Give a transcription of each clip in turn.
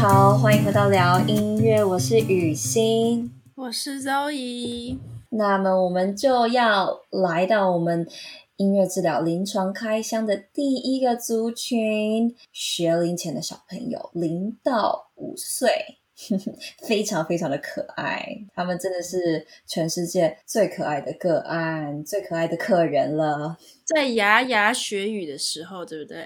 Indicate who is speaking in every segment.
Speaker 1: 好，歡迎回到聊音樂。我是雨欣，我是 Zoe。那麼我們就要來到我們音樂治療臨床開箱的第一個族群——學齡前的小朋友，零到五歲，呵呵，非常非常的可愛。他們真的是全世界最可愛的個案、最可愛的客人了。
Speaker 2: 在牙牙學語的時候，對不對？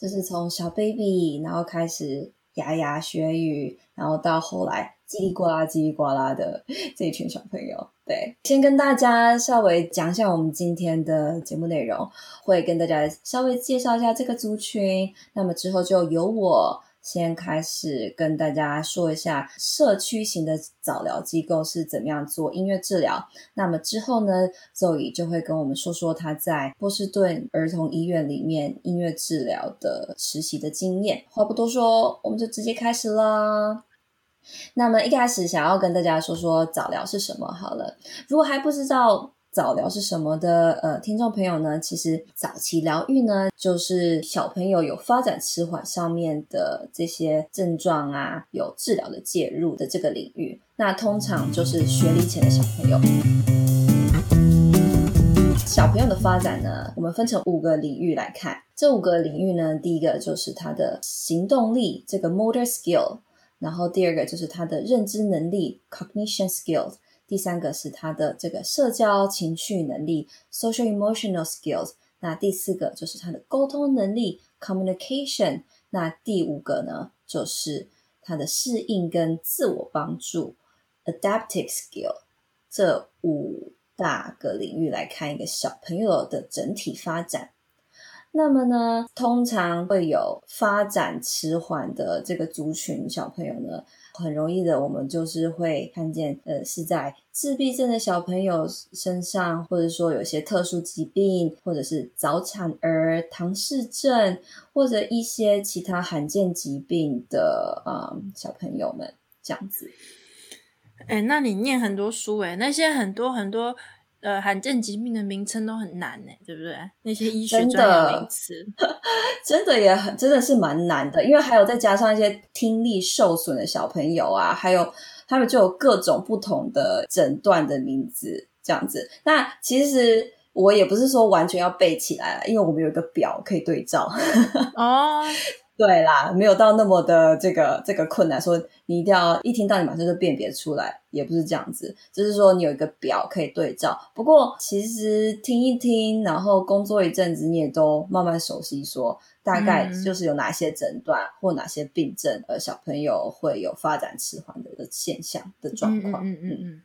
Speaker 1: 就是從小 baby，然後開始。牙牙學語，然後到後來嘰里呱啦、嘰里呱啦的這一群小朋友，對，先跟大家稍微講一下我們今天的節目內容，會跟大家稍微介紹一下這個族群，那麼之後就由我。先開始跟大家說一下社區型的早療機構是怎麼樣做音樂治療。那麼之後呢，Zoe 就會跟我們說說他在波士頓兒童醫院裡面音樂治療的實習的經驗。話不多說，我們就直接開始啦。那麼一開始想要跟大家說說早療是什麼好了，如果還不知道。早療是什麼的？呃，聽眾朋友呢，其實早期療育呢，就是小朋友有發展遲緩上面的這些症狀啊，有治療的介入的這個領域。那通常就是學齡前的小朋友。小朋友的發展呢，我們分成五個領域來看。這五個領域呢，第一個就是他的行動力，這個 motor skill；然後第二個就是他的認知能力，cognition skill。第三個是他的這個社交情緒能力 （social emotional skills），那第四個就是他的溝通能力 （communication），那第五個呢，就是他的適應跟自我幫助 （adaptive skill）。這五大個領域來看一個小朋友的整體發展。那麼呢，通常會有發展遲緩的這個族群小朋友呢。很容易的，我們就是會看見，呃，是在自閉症的小朋友身上，或者說有些特殊疾病，或者是早產兒、唐氏症，或者一些其他罕見疾病的啊、嗯、小朋友們這樣子。誒、欸、
Speaker 2: 那你念很多書誒、欸、那些很多很多。呃，罕見疾病的名稱都很難、欸、對不
Speaker 1: 對？那些醫學專業名詞，真的， 真的也很，真的是蠻難的。因為還有再加上一些聽力受損的小朋友啊，還有他們就有各種不同的診斷的名字這樣子。那其實我也不是說完全要背起來，因為我們有一個表可以對照。 哦。對啦，沒有到那麼的這個這個困難，說你一定要一聽到你馬上就辨別出來，也不是這樣子，就是說你有一個表可以對照。不過其實聽一聽，然後工作一陣子，你也都慢慢熟悉說，說大概就是有哪些診斷或哪些病症，呃，小朋友會有發展遲緩的現象的狀況。嗯嗯，嗯，嗯。嗯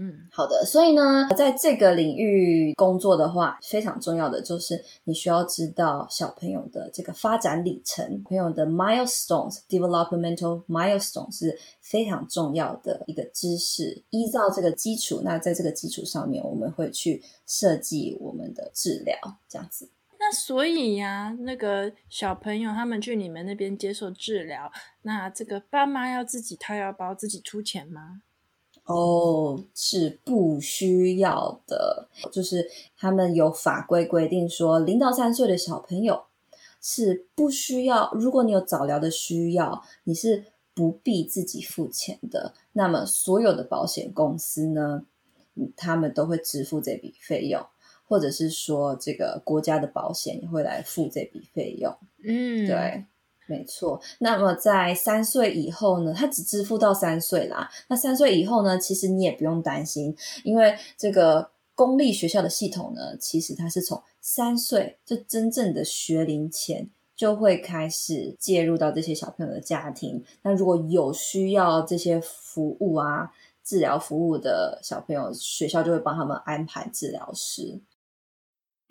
Speaker 1: 嗯，好的。所以呢，在這個領域工作的話，非常重要的就是你需要知道小朋友的這個發展里程，朋友的 milestones，developmental milestones milestone 是非常重要的一個知識。依照這個基礎，那在這個基礎上面，我們會去設計我們的治療，這樣子。
Speaker 2: 那所以呀，那個小朋友他們去你們那邊接受治療，那這個爸媽要自己掏腰包，自己出錢嗎？
Speaker 1: 哦，是不需要的，就是他們有法規規定說，零到三歲的小朋友是不需要。如果你有早療的需要，你是不必自己付錢的。那麼所有的保險公司呢，他們都會支付這筆費用，或者是說這個國家的保險也會來付這筆費用。
Speaker 2: 嗯，對。
Speaker 1: 沒錯，那麼在三歲以後呢，他只支付到三歲啦。那三歲以後呢，其實你也不用擔心，因為這個公立學校的系統呢，其實它是從三歲，就真正的學齡前，就會開始介入到這些小朋友的家庭。那如果有需要這些服務啊、治療服務的小朋友，學校就會幫他們安排治療師。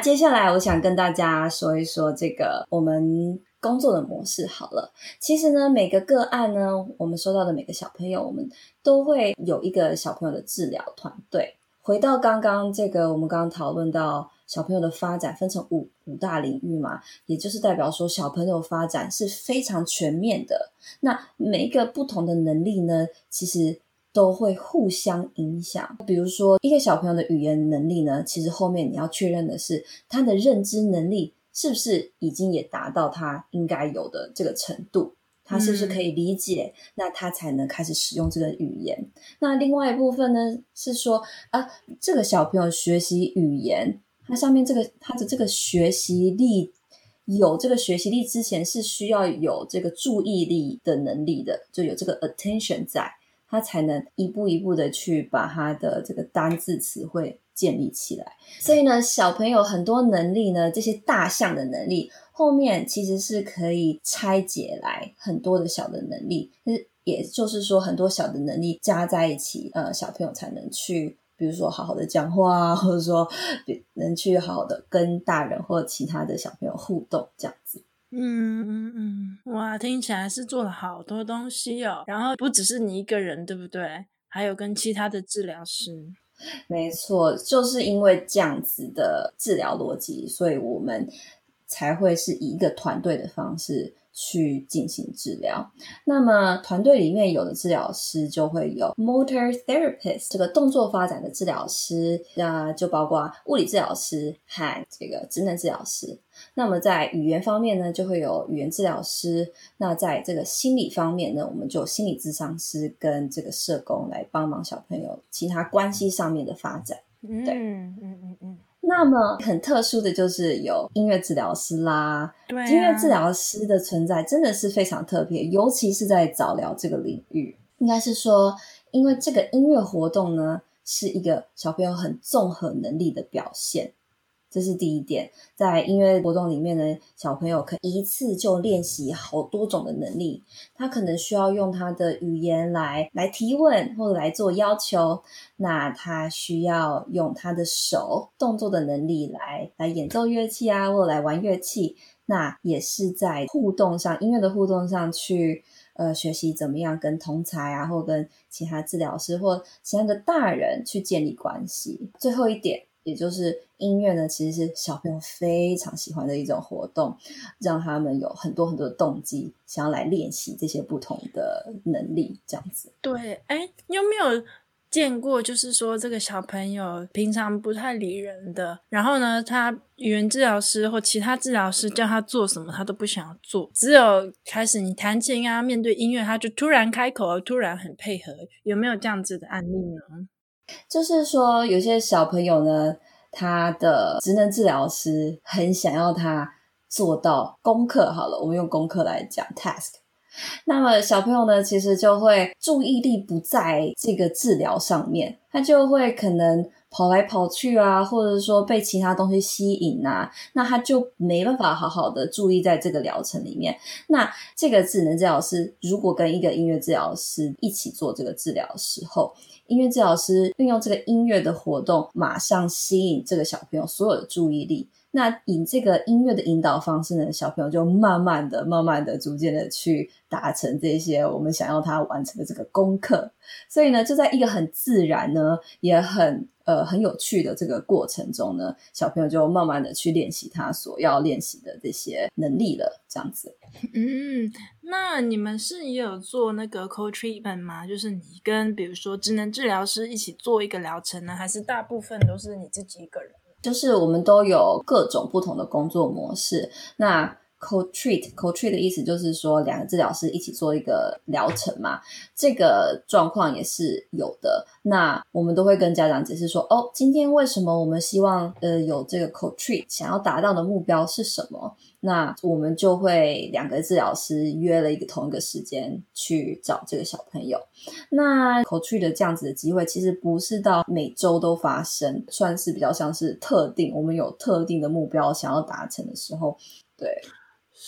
Speaker 1: 接下來，我想跟大家說一說這個我們工作的模式。好了，其實呢，每個個案呢，我們收到的每個小朋友，我們都會有一個小朋友的治療團隊。回到剛剛這個，我們剛剛討論到小朋友的發展分成五五大領域嘛，也就是代表說小朋友發展是非常全面的。那每一個不同的能力呢，其實。都會互相影響。比如說，一個小朋友的語言能力呢，其實後面你要確認的是，他的認知能力是不是已經也達到他應該有的這個程度，他是不是可以理解，嗯、那他才能開始使用這個語言。那另外一部分呢，是說啊，這個小朋友學習語言，他上面這個他的這個學習力有這個學習力之前，是需要有這個注意力的能力的，就有這個 attention 在。他才能一步一步的去把他的這個單字詞彙建立起來。所以呢，小朋友很多能力呢，這些大項的能力後面其實是可以拆解來很多的小的能力。是也就是說，很多小的能力加在一起，呃，小朋友才能去，比如說好好的講話啊，或者說能去好好的跟大人或者其他的小朋友互動，這樣子。
Speaker 2: 嗯嗯嗯，哇，聽起來是做了好多東西哦。然後不只是你一個人，對不對？還有跟其他的治療師。
Speaker 1: 沒錯，就是因為這樣子的治療邏輯，所以我們才會是以一個團隊的方式。去進行治療。那麼團隊裡面有的治療師就會有 motor therapist 這個動作發展的治療師，那就包括物理治療師和這個職能治療師。那麼在語言方面呢，就會有語言治療師。那在這個心理方面呢，我們就有心理諮商師跟這個社工來幫忙小朋友其他關係上面的發展。對。嗯嗯嗯嗯那麼很特殊的就是有音樂治療師啦，對啊，音樂治療師的存在真的是非常特別，尤其是在早療這個領域，應該是說，因為這個音樂活動呢，是一個小朋友很綜合能力的表現。這是第一點，在音樂活動裡面呢，小朋友，可一次就練習好多種的能力。他可能需要用他的語言來來提問，或者來做要求。那他需要用他的手動作的能力來來演奏樂器啊，或者來玩樂器。那也是在互動上，音樂的互動上去呃學習怎麼樣跟同儕啊，或跟其他治療師或其他的大人去建立關係。最後一點。也就是音樂呢，其實是小朋友非常喜歡的一種活動，讓他們有很多很多的動機想要來練習這些不同的能力，這樣子。
Speaker 2: 對，哎、欸，你有沒有見過，就是說這個小朋友平常不太理人的，然後呢，他語言治療師或其他治療師叫他做什麼，他都不想做，只有開始你彈琴啊，面對音樂，他就突然開口，突然很配合，有沒有這樣子的案例呢？
Speaker 1: 就是說，有些小朋友呢，他的職能治療師很想要他做到功課好了，我們用功課來講 task，那麼小朋友呢，其實就會注意力不在這個治療上面，他就會可能。跑來跑去啊，或者說被其他東西吸引啊，那他就沒辦法好好的注意在這個療程裡面。那這個職能治療師如果跟一個音樂治療師一起做這個治療的時候，音樂治療師運用這個音樂的活動，馬上吸引這個小朋友所有的注意力。那以這個音樂的引導方式呢，小朋友就慢慢的、慢慢的、逐漸的去達成這些我們想要他完成的這個功課。所以呢，就在一個很自然呢，也很呃很有趣的這個過程中呢，小朋友就慢慢的去練習他所要練習的這些能力了。這樣子。
Speaker 2: 嗯，那你們是也有做那個 co treatment 嗎？就是你跟比如說職能治療師一起做一個療程呢，還是大部分都是你自己一個人？
Speaker 1: 就是我們都有各種不同的工作模式，那。Co-treat，Co-treat co-treat 的意思就是說兩個治療師一起做一個療程嘛。這個狀況也是有的。那我們都會跟家長解釋說，哦，今天為什麼我們希望呃有這個 Co-treat，想要達到的目標是什麼？那我們就會兩個治療師約了一個同一個時間去找這個小朋友。那 Co-treat 的這樣子的機會，其實不是到每周都發生，算是比較像是特定，我們有特定的目標想要達成的時候，對。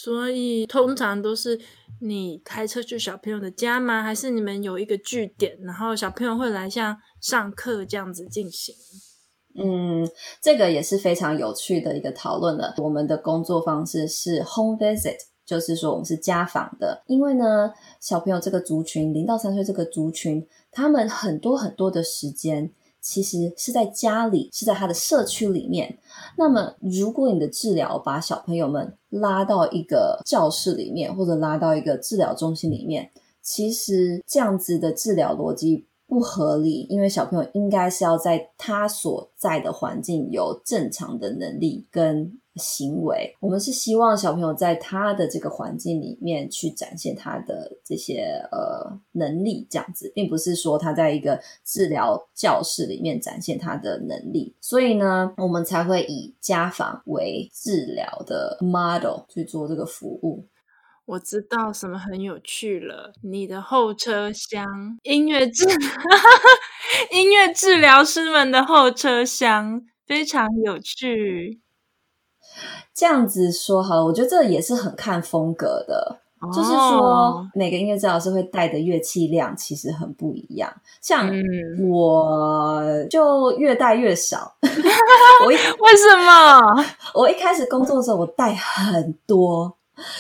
Speaker 2: 所以通常都是你開車去小朋友的家嗎？還是你們有一個據點，然後小朋友會來像上課這樣子進行？嗯，
Speaker 1: 這個也是非常有趣的一個討論了。我們的工作方式是 home visit，就是說我們是家訪的。因為呢，小朋友這個族群，零到三歲這個族群，他們很多很多的時間。其實是在家裡，是在他的社區裡面。那麼，如果你的治療把小朋友們拉到一個教室裡面，或者拉到一個治療中心裡面，其實這樣子的治療邏輯。不合理，因為小朋友應該是要在他所在的環境有正常的能力跟行為。我們是希望小朋友在他的這個環境裡面去展現他的這些呃能力，這樣子，並不是說他在一個治療教室裡面展現他的能力。所以呢，我們才會以家訪為治療的 model 去做這個服務。
Speaker 2: 我知道什麼很有趣了，你的後車廂音樂治 音樂治療師們的後車廂非常有趣。
Speaker 1: 這樣子說好了，我覺得這也是很看風格的，oh. 就是說，每個音樂治療師會帶的樂器量其實很不一樣。像我、mm. 就越帶越少， 我一 為什麼？我一開始工作的時候我帶很多。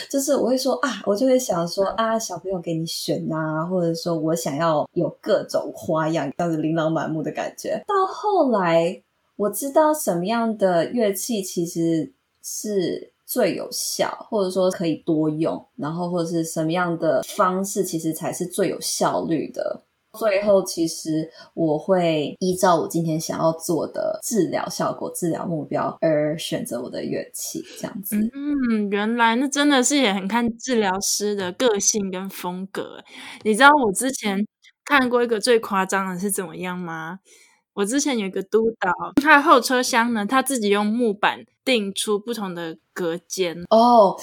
Speaker 1: 就是我會說啊，我就會想說啊，小朋友給你選啊，或者說我想要有各種花樣，這樣子琳琅滿目的感覺。到後來，我知道什麼樣的樂器其實是最有效，或者說可以多用，然後或者是什麼樣的方式，其實才是最有效率的。最後，其實我會依照我今天想要做的治療效果、治療目標而選擇我的樂器，這樣子。
Speaker 2: 嗯，原來那真的是也很看治療師的個性跟風格。你知道我之前看過一個最誇張的是怎麼樣嗎？我之前有一個督導，他的後車廂呢，他自己用木板定出不同的隔間哦。
Speaker 1: Oh.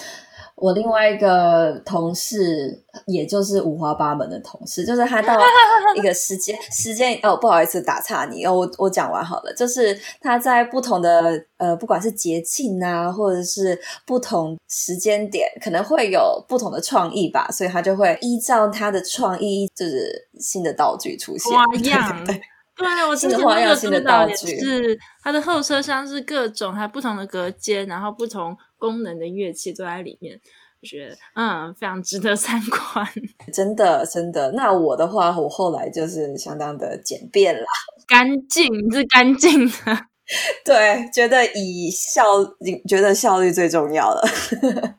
Speaker 1: 我另外一個同事，也就是五花八門的同事，就是他到一個時間 時間哦，不好意思打岔你哦，我我講完好了，就是他在不同的呃，不管是節慶啊，或者是不同時間點，可能會有不同的創意吧，所以他就會依照他的創意，就是新的道具出現，花樣對，對，對，
Speaker 2: 對，新的花樣，新的道具對。是他的後車廂是各種還不同的隔間，然後不同。功能的樂器都在裡面，我覺得嗯，非常值得
Speaker 1: 參觀。真的，真的。那我的話，我後來就是相當的簡便啦，乾淨是乾淨的。對，覺得以效，覺得效率最重要了。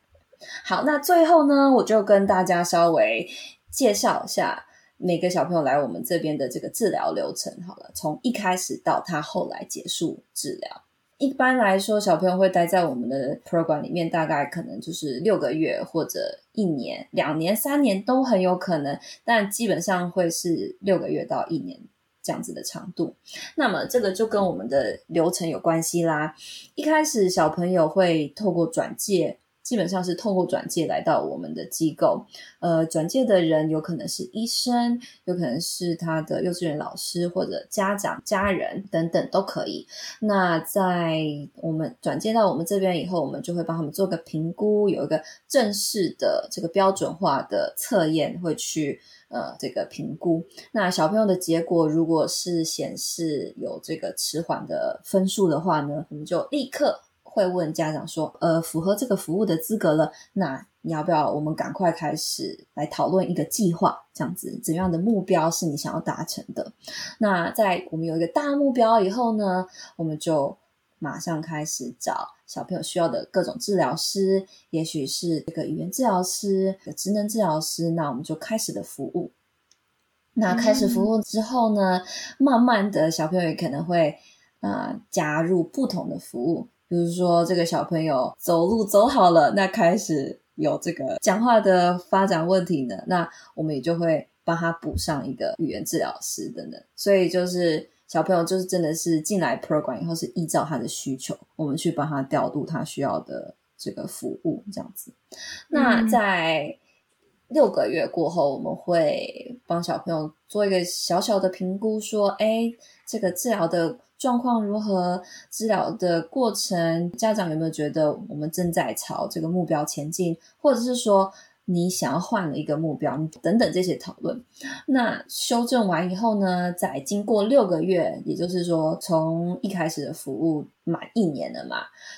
Speaker 1: 好，那最後呢，我就跟大家稍微介紹一下每個小朋友來我們這邊的這個治療流程。好了，從一開始到他後來結束治療。一般來說，小朋友會待在我們的 program 裡面，大概可能就是六個月或者一年、兩年、三年都很有可能，但基本上會是六個月到一年這樣子的長度。那麼這個就跟我們的流程有關係啦。一開始小朋友會透過轉介。基本上是透過轉介來到我們的機構，呃，轉介的人有可能是醫生，有可能是他的幼稚園老師或者家長、家人等等都可以。那在我們轉介到我們這邊以後，我們就會幫他們做個評估，有一個正式的這個標準化的測驗會去呃這個評估。那小朋友的結果如果是顯示有這個遲緩的分數的話呢，我們就立刻。會問家長說：“呃，符合這個服務的資格了，那你要不要？我們趕快開始來討論一個計劃，這樣子怎樣的目標是你想要達成的？那在我們有一個大目標以後呢，我們就馬上開始找小朋友需要的各種治療師，也許是這個語言治療師、職能治療師，那我們就開始的服務。那開始服務之後呢，嗯、慢慢的小朋友也可能會啊、呃、加入不同的服務。”比如說，這個小朋友走路走好了，那開始有這個講話的發展問題呢，那我們也就會幫他補上一個語言治療師等等。所以就是小朋友就是真的是進來 Pro 管以後，是依照他的需求，我們去幫他調度他需要的這個服務這樣子。嗯、那在。六個月過後，我們會幫小朋友做一個小小的評估，說：“哎，這個治療的狀況如何？治療的過程，家長有沒有覺得我們正在朝這個目標前進，或者是說你想要換了一個目標？等等這些討論。那修正完以後呢，再經過六個月，也就是說從一開始的服務滿一年了嘛，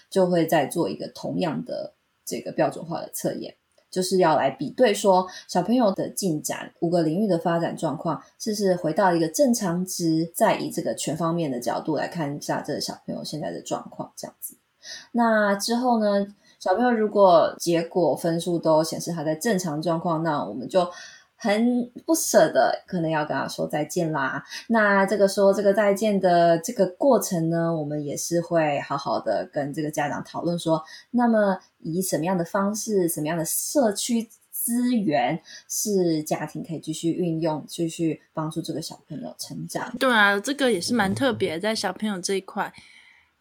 Speaker 1: 就會再做一個同樣的這個標準化的測驗。”就是要來比對，說小朋友的進展，五個領域的發展狀況，是不是回到一個正常值？再以這個全方面的角度來看一下這個小朋友現在的狀況，這樣子。那之後呢，小朋友如果結果分數都顯示他在正常狀況，那我們就。很不捨得，可能要跟他說再見啦。那這個說這個再見的這個過程呢，我們也是會好好的跟這個家長討論說，那麼以什麼樣的方式，什麼樣的社區資源是家庭可以繼續運用，繼續幫助這個小朋友成長。對啊，
Speaker 2: 這個也是蠻特別，在小朋友這一塊。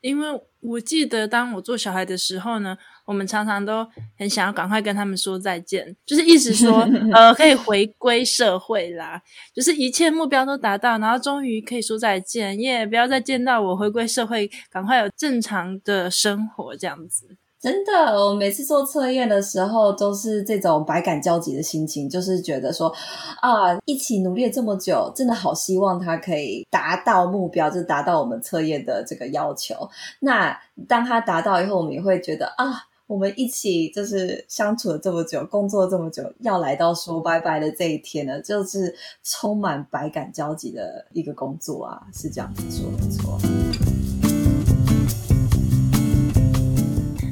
Speaker 2: 因為我記得，當我做小孩的時候呢，我們常常都很想要趕快跟他們說再見，就是一直說， 呃，可以回歸社會啦，就是一切目標都達到，然後終於可以說再見，也、yeah, 不要再見到我，回歸社會，趕快有正常的生活這樣子。
Speaker 1: 真的，我每次做測驗的時候都是這種百感交集的心情，就是覺得說，啊，一起努力這麼久，真的好希望他可以達到目標，就是達到我們測驗的這個要求。那當他達到以後，我們也會覺得啊，我們一起就是相處了這麼久，工作了這麼久，要來到說拜拜的這一天呢，就是充滿百感交集的一個工作啊，是這樣子說，沒錯。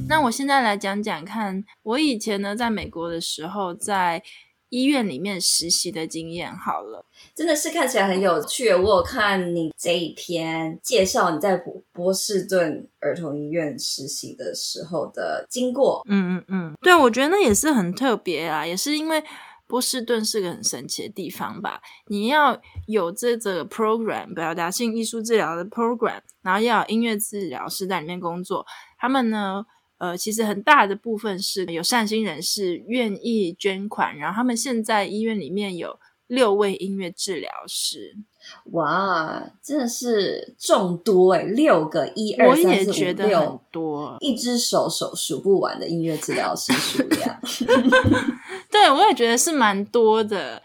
Speaker 2: 那我現在來講講看，我以前呢，在美國的時候，在醫院裡面實習的經驗好
Speaker 1: 了。真的是看起來很有趣。我有看你這一篇介紹你在波士頓兒童醫院實習的時候的經過。嗯嗯嗯，
Speaker 2: 對，我覺得那也是很特別啊，也是因為波士頓是個很神奇的地方吧。你要有這個 program 表達性藝術治療的 program，然後要有音樂治療師在裡面工作，他們呢。呃，其實很大的部分是有善心人士願意捐款，然後他們現在醫院裡面有六位音樂治療師，
Speaker 1: 哇，真的是眾多哎，六個一二三四五六，我也覺得很多，一只手手數不完的音樂治療師數
Speaker 2: 量。 對，我也覺得是蠻多的，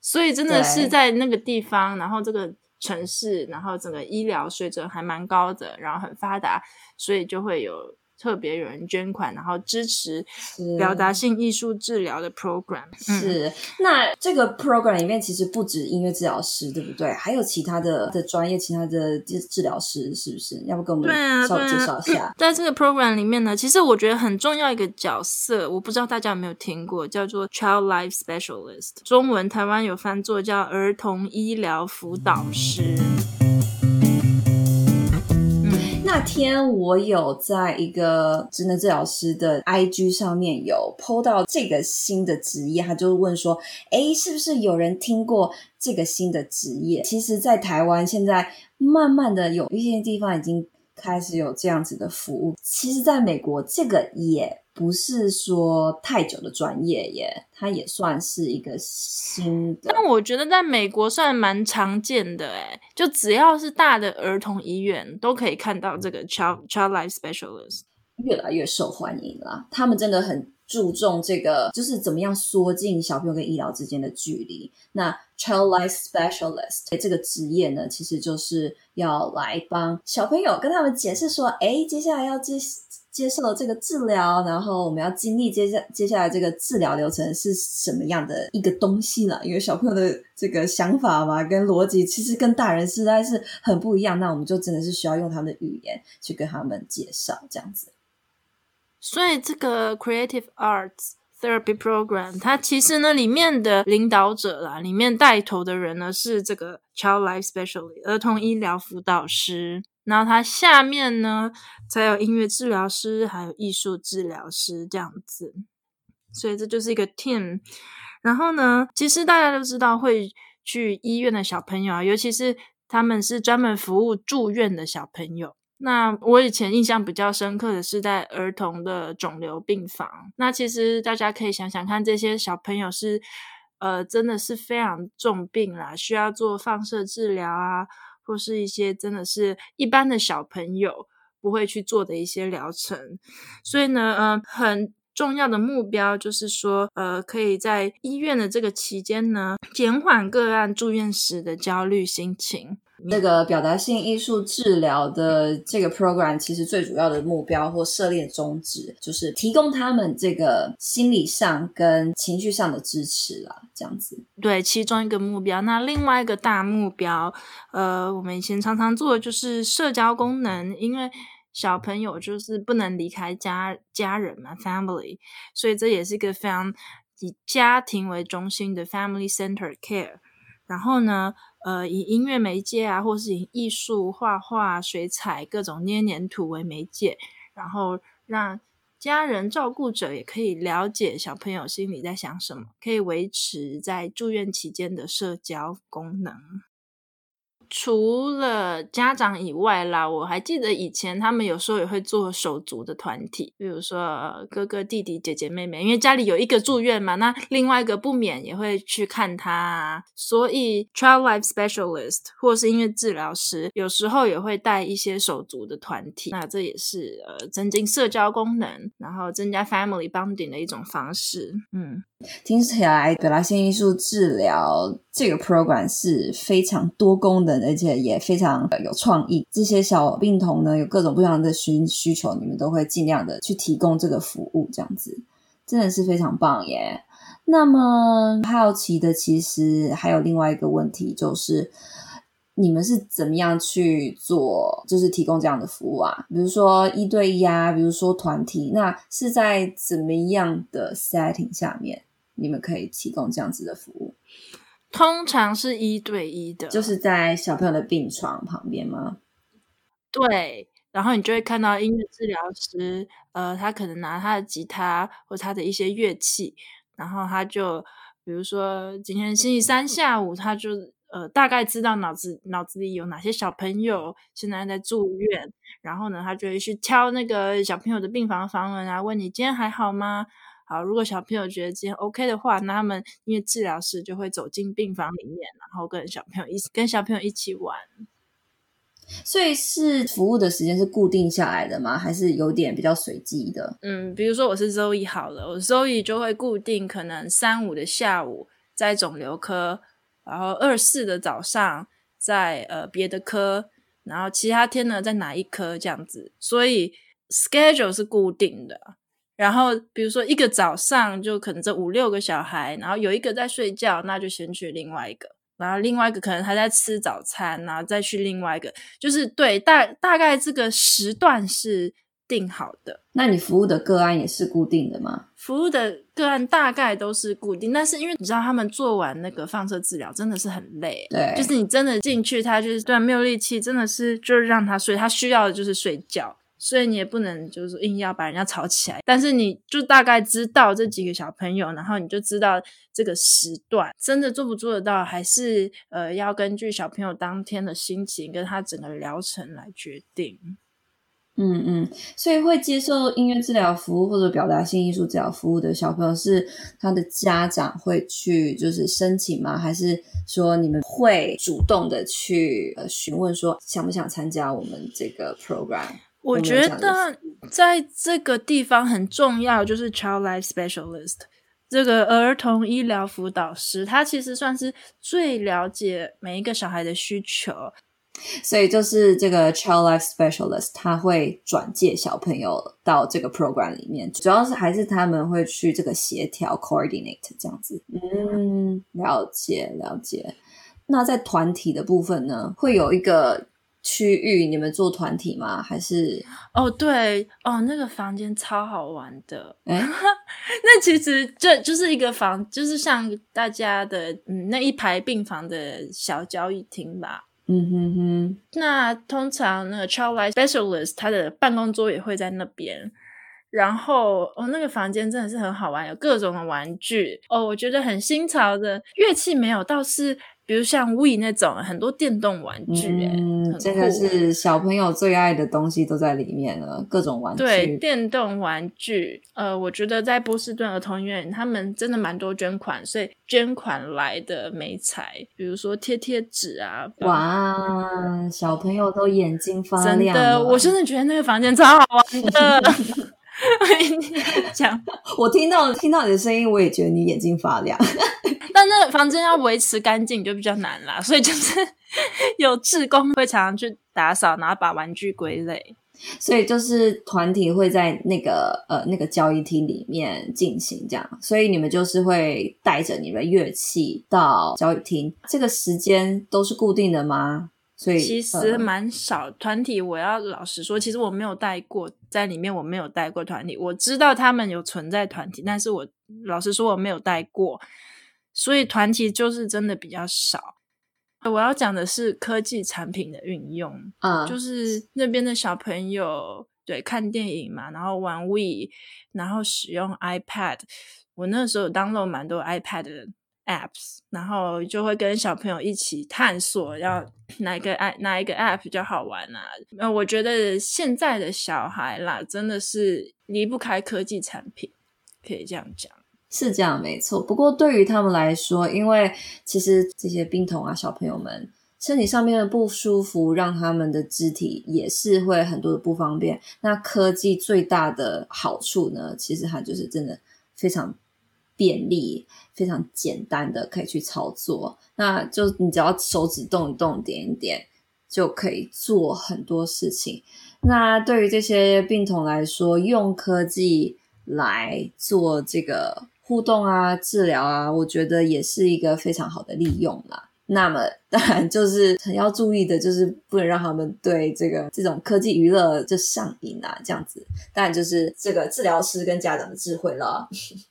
Speaker 2: 所以真的是在那個地方，然後這個城市，然後整個醫療水準還蠻高的，然後很發達，所以就會有。特別有人捐款，然後支持表達性藝術治療的 program 是、嗯。是，
Speaker 1: 那這個 program 裡面其實不止音樂治療師，對不對？還有其他的的專業，其他的治療師，是不是？要不跟我們稍微介紹一下。對啊對啊、
Speaker 2: 嗯。在這個 program 裡面呢，其實我覺得很重要一個角色，我不知道大家有沒有聽過，叫做 Child Life Specialist，中文台灣有翻作叫兒童醫療輔導師。嗯
Speaker 1: 那天我有在一個職能治療師的 IG 上面有 PO 到這個新的職業，他就問說：“誒，是不是有人聽過這個新的職業？”其實，在台灣現在慢慢的有一些地方已經開始有這樣子的服務。其實，在美國這個也。不是說太久的專業耶，它也算是一個新的。
Speaker 2: 但我覺得在美國算蠻常見的，誒，就只要是大的兒童醫院，都可以看到這個 Child Child Life Specialist
Speaker 1: 越來越受歡迎了。他們真的很注重這個，就是怎麼樣縮進小朋友跟醫療之間的距離。那 Child Life Specialist 這個職業呢，其實就是要來幫小朋友跟他們解釋說，誒，接下來要接。接受這個治療，然後我們要經歷接下接下來這個治療流程是什麼樣的一個東西呢？因為小朋友的這個想法嘛，跟邏輯其實跟大人實在是很不一樣。那我們就真的是需要用他們的語言去跟他們介紹這樣子。
Speaker 2: 所以這個 Creative Arts Therapy Program 它其實呢，裡面的領導者啦，裡面帶頭的人呢，是這個 f e s p e c i a l i 兒童醫療輔導師。然後他下面呢，才有音樂治療師，還有藝術治療師這樣子，所以這就是一個 team。然後呢，其實大家都知道會去醫院的小朋友啊，尤其是他們是專門服務住院的小朋友。那我以前印象比較深刻的是在兒童的腫瘤病房。那其實大家可以想想看，這些小朋友是呃，真的是非常重病啦，需要做放射治療啊。或是一些真的是一般的小朋友不會去做的一些療程，所以呢，嗯、呃，很重要的目標就是說，呃，可以在醫院的這個期間呢，減緩個案住院時的焦慮心情。那、這個
Speaker 1: 表達性藝術治療的這個 program，其實最主要的目標或設立宗旨，就是提供他們這個心理上跟情緒上的支持啦，這樣子。
Speaker 2: 對，其中一個目標。那另外一個大目標，呃，我們以前常常做的就是社交功能，因為小朋友就是不能離開家家人嘛，啊，family，所以這也是一個非常以家庭為中心的 family center care。然後呢，呃，以音樂媒介啊，或是以藝術、畫畫、水彩、各種捏黏土為媒介，然後讓家人、照顧者也可以了解小朋友心裡在想什麼，可以維持在住院期間的社交功能。除了家長以外啦，我還記得以前他們有時候也會做手足的團體，比如說哥哥、弟弟、姐姐、妹妹，因為家裡有一個住院嘛，那另外一個不免也會去看他，所以 Child Life Specialist 或是音樂治療師有時候也會帶一些手足的團體，那這也是呃增進社交功能，然後增加 family bonding 的一種方式。
Speaker 1: 嗯，聽起來表達性藝術治療這個 program 是非常多功能的。而且也非常有創意。這些小病童呢，有各種不同的需需求，你們都會盡量的去提供這個服務，這樣子真的是非常棒耶。那麼好奇的，其實還有另外一個問題，就是你們是怎麼樣去做，就是提供這樣的服務啊？比如說一對一啊，比如說團體，那是在怎麼樣的 setting 下面，你們可以提供這樣子的服務？
Speaker 2: 通常是一對一的，就是
Speaker 1: 在小朋友的病床旁邊嗎？
Speaker 2: 對，然後你就會看到音樂治療師，呃，他可能拿他的吉他或他的一些樂器，然後他就，比如說今天星期三下午，他就，呃，大概知道腦子腦子裡有哪些小朋友現在在住院，然後呢，他就會去敲那個小朋友的病房房門，啊，然後問你今天還好嗎？好，如果小朋友覺得今天 OK 的話，那他們因為治療師就會走進病房裡面，然後跟小朋友一跟小朋友一起玩。
Speaker 1: 所以是服務的時間是固定下來的嗎？還是有點比較隨機的？
Speaker 2: 嗯，比如說我是 Zoe 好了，我 Zoe 就會固定可能三五的下午在腫瘤科，然後二四的早上在呃別的科，然後其他天呢在哪一科這樣子，所以 schedule 是固定的。然後，比如說一個早上，就可能這五六個小孩，然後有一個在睡覺，那就先去另外一個，然後另外一個可能他在吃早餐，然後再去另外一個，就是對，大，大概這個時段是定好的。
Speaker 1: 那你服務的個案也是固定的嗎？
Speaker 2: 服務的個案大概都是固定，但是因為你知道他們做完那個放射治療真的是很累，對，就是你真的進去，他就是雖然沒有力氣，真的是就是讓他睡，他需要的就是睡覺。所以你也不能就是硬要把人家吵起來，但是你就大概知道這幾個小朋友，然後你就知道這個時段真的做不做得到，還是呃要根據小朋友當天的心情跟他整個療程來決定。
Speaker 1: 嗯嗯，所以會接受音樂治療服務或者表達性藝術治療服務的小朋友，是他的家長會去就是申請嗎？還是說你們會主動的去呃詢問說想不想參加我們這個 program？我覺得
Speaker 2: 在這個地方很重要，就是 Child Life Specialist 這個兒童醫療輔導師，他其實算是最了解每一個小孩的需求，
Speaker 1: 所以就是這個 Child Life Specialist 他會轉介小朋友到這個 program 裡面，主要是還是他們會去這個協調 coordinate 這樣子。嗯，了解，了解。那在團體的部分呢，會有一個。區域，你們做團體嗎？還是
Speaker 2: 哦，對哦，那個房間超好玩的。欸、 那其實這就，就是一個房，就是像大家的嗯那一排病房的小交誼廳吧。嗯哼哼。那通常那個 Child Life Specialist 他的辦公桌也會在那邊。然後哦，那個房間真的是很好玩，有各種的玩具哦，我覺得很新潮的樂器沒有，倒是。比如像 Wii 那種很多電動玩具，
Speaker 1: 欸，嗯，這個是小朋友最愛的東西都在裡面了，各種玩具。對，
Speaker 2: 電動玩具，呃，我覺得在波士頓兒童醫院，他們真的蠻多捐款，所以捐款來的媒材，比如說貼貼紙啊，哇，嗯，
Speaker 1: 小朋友都眼睛發亮，真的，我真的覺得那個房間超好玩的。 你 這樣， 我聽到聽到你的聲音，我也覺得你眼睛發亮。
Speaker 2: 但那個房間要維持乾淨就比較難啦，所以就是有志工會常常去打掃，然後把玩具歸類。
Speaker 1: 所以就是團體會在那個呃那個交誼廳裡面進行，這樣。所以你們就是會帶着你們樂器到交誼廳。這個時間都是固定的嗎？其實蠻
Speaker 2: 少、嗯、團體，我要老實說，其實我沒有帶過在裡面，我沒有帶過團體。我知道他們有存在團體，但是我老實說我沒有帶過，所以團體就是真的比較少。我要講的是科技產品的運用，啊、嗯，就是那邊的小朋友對，看電影嘛，然後玩 Wii，然後使用 iPad。我那時候 download 蠻多 iPad 的、的 apps，然後就會跟小朋友一起探索，要哪一個 app 哪一個 app 比較好玩呢？啊。那我覺得現在的小孩啦，真的是離不開科技產品，可以這樣講。
Speaker 1: 是這樣，沒錯。不過對於他們來說，因為其實這些病童啊，小朋友們身體上面的不舒服，讓他們的肢體也是會很多的不方便。那科技最大的好處呢，其實它就是真的非常便利。非常簡單的可以去操作，那就你只要手指動一動、點一點就可以做很多事情。那對於這些病童來說，用科技來做這個互動啊、治療啊，我覺得也是一個非常好的利用啦。那麼當然就是很要注意的，就是不能讓他們對這個這種科技娛樂就上癮啦，這樣子。當然就是這個治療師跟家長的智慧了。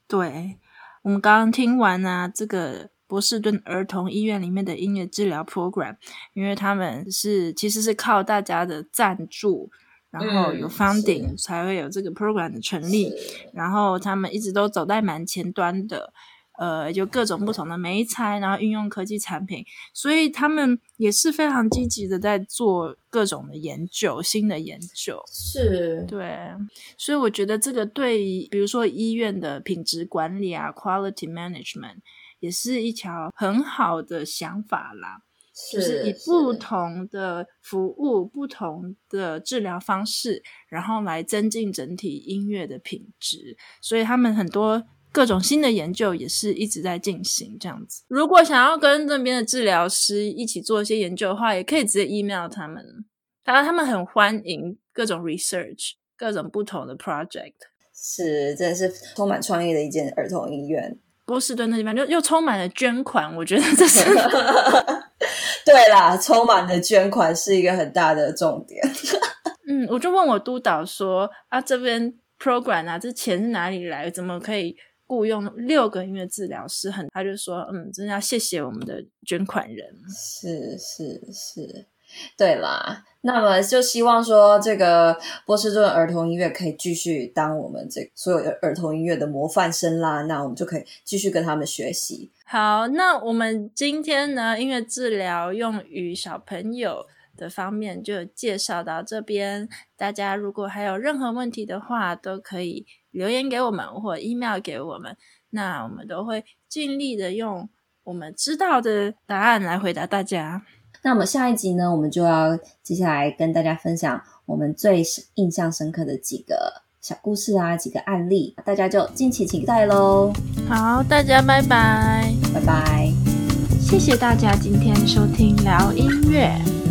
Speaker 2: 對。我們剛剛聽完啊，這個波士頓兒童醫院裡面的音樂治療 program，因為他們是其實是靠大家的贊助，然後有 funding、嗯、才會有這個 program 的成立，然後他們一直都走在蠻前端的。呃，就各種不同的媒材，然後運用科技產品，所以他們也是非常積極的在做各種的研究，新的研究是，對，所以我覺得這個對於比如說醫院的品質管理啊，quality management，也是一條很好的想法啦，是，就是以不同的服務、不同的治療方式，然後來增進整體音樂的品質，所以他們很多。各種新的研究也是一直在進行這樣子。如果想要跟那邊的治療師一起做一些研究的話，也可以直接 email 他們，當、啊、然他們很歡迎各種 research、各種不同的 project。
Speaker 1: 是，真的是充滿創意的一間兒童醫院。
Speaker 2: 波士頓那地方就又，又充滿了捐款，我覺得這是。
Speaker 1: 對啦，充滿了捐款是一個很大的重點。
Speaker 2: 嗯，我就問我督導說：“啊，這邊 program 啊，這錢是哪裡來？怎麼可以？”僱傭六個音樂治療師，很他就說，
Speaker 1: 嗯，真的要謝謝我們的捐款人。是是是，對啦。那麼就希望說，這個波士頓兒童醫院可以繼續當我們這個所有兒童醫院的模範生啦。那我們就可以繼續跟他們學習。
Speaker 2: 好，那我們今天呢，音樂治療用於小朋友的方面就介紹到這邊。大家如果還有任何問題的話，都可以。留言給我們或者 email 給我們，那我們都會盡力的用
Speaker 1: 我們知道的答案來回答大家。那我們下一集呢，我們就要接下來跟大家分享我們最印象深刻的幾個小故事啊，幾個案例，大家就敬請期待嘍。好，大家拜拜，拜拜，謝謝大家今天收聽療音樂。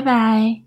Speaker 1: 拜拜。